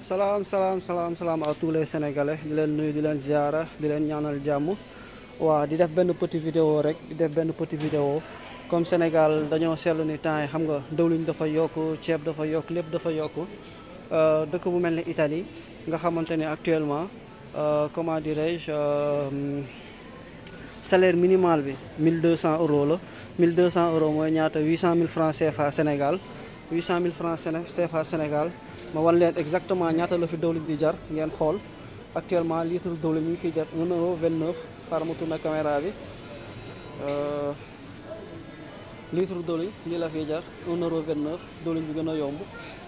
salaam salaam salaam salaam à tous les sénégalais di leen nuyu di leen ziara di leen ñaanal jàmm waaw di def benn petit vidéo rek di def benn petit vidéo comme Sénégal dañoo seetlu ni temps yi xam nga dëwliñ dafa yokk ceeb dafa yokk lépp dafa yokk euh, dëkk bu mel ni Italie nga xamante ne actuellement euh, comment dirais-je euh, salaire minimal bi 1200 euros la 1200 euros mooy ñaata 800 000 francs CFA Sénégal. 800000 francs CFA Sénégal ma wan leen exactement ñaata la fi dawlin di jar ngeen xool actuellement litre dawlin mu ngi fiy jar 1 euro 29 xaaral ma tourné caméra bi euh, litre dawlin lii la fiy jar 1 euro 29 dawlin bi gën a yomb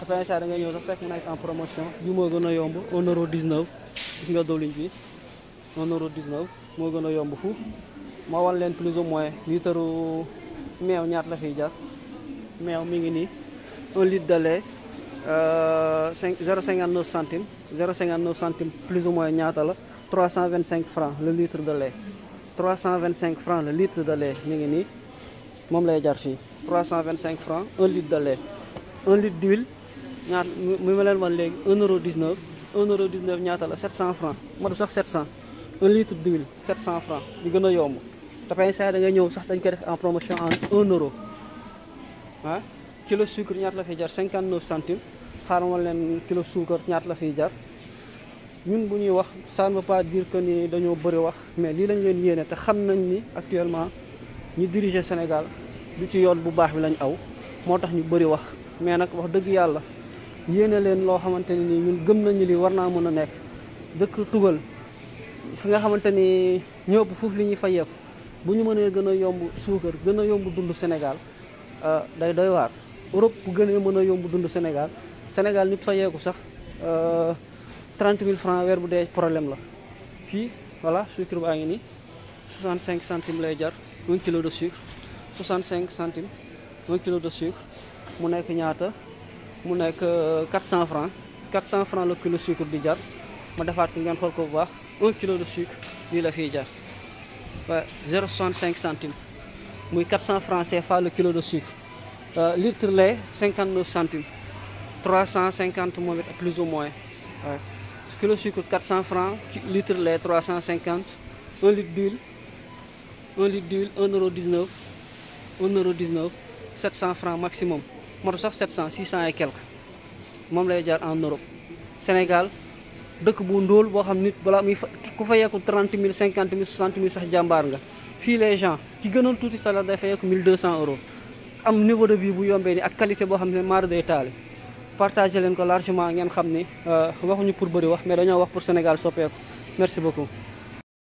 après ça da ngay ñëw sax fekk mu nekk en promotion bi moo gën a yomb 1 euro 19 gis bi 1 euro 19 moo gën a yomb fuuf ma wan leen plus ou moins litre meew ñaata la fiy jar meew mi ngi nii. 1 litre de lait euh, cinq 0,59 centime 0,59 centime plus ou moins ñaata la 325 francs le litre de lait 325 francs la litre de lait mi ngi nii moom lay jar fii 325 francs 1 litre de lait 1 litre d'huile ñaata mi ma leen wan léegi 1 euro 19 1 euro 19 ñaata la 700 francs matu sax 700 1 litre d'huile 700 francs di gën a yomb dafay saa da nga ñëw sax dañ koy def en promotion en 1 euro ah kilo sucre ñaata la fiy jar cinquante 59 centimes xaaral ma leen kilo suukar ñaat la fiy jar ñun bu ñuy wax ça ne pas dire que nii dañoo bëri wax mais lii lañ leen yéene te xam nañ ni actuellement ñu diriger Sénégal du ci yoon bu baax bi lañ aw moo tax ñu bëri wax mais nag wax dëgg yàlla yéene leen loo xamante ne ni ñun gëm nañu li war naa mën a nekk dëkk tugal fi nga xamante ni ñëpp foofu li ñuy fa yëpp bu ñu mënee gën a yomb suukar gën a yomb dund Sénégal euh, day doy Europe bu gënee mën a yombu dund Sénégal Sénégal nit fa yeeku sax 30 euh, mille francs weer bu dee problème la fii voilà sucre baa ngi nii cinq centime lay jar 1 kilo de sucre cinq centimes 1 kilo de sucre mu nekk ñaata mu nekk 400 euh, francs 400 francs la kilo sucre di jar ma defaat ko ngeen xool ko bu baax 1 kilo de sucre lii la fiy jar waaye 0,65 centimes muy 400 francs CFA le kilo de sucre. Euh, litre cinquante lait 59 centimes 350 moom it plus ou moins waaw kilo sucre 400 francs litre lait 350 1 litre d'huile 1 litre d'huile 1 euro 19 1 euro 19 700 francs maximum moto sax 700 600 et quelque moom lay jaar en Europe Sénégal dëkk bu ndóol boo xam nit balaa muy ku fa yeeku 30 000 50 000 60 000 sax jàmbaar nga fii les gens ki gënoon tuuti salaire day fa yeeku 1200 euros am niveau de vie bu yombee ni ak qualité boo xam ne maara day taali partagé leen ko largement ngeen xam ni euh, waxuñu pour bëri wax mais dañoo wax pour Sénégal soppeeku merci beaucoup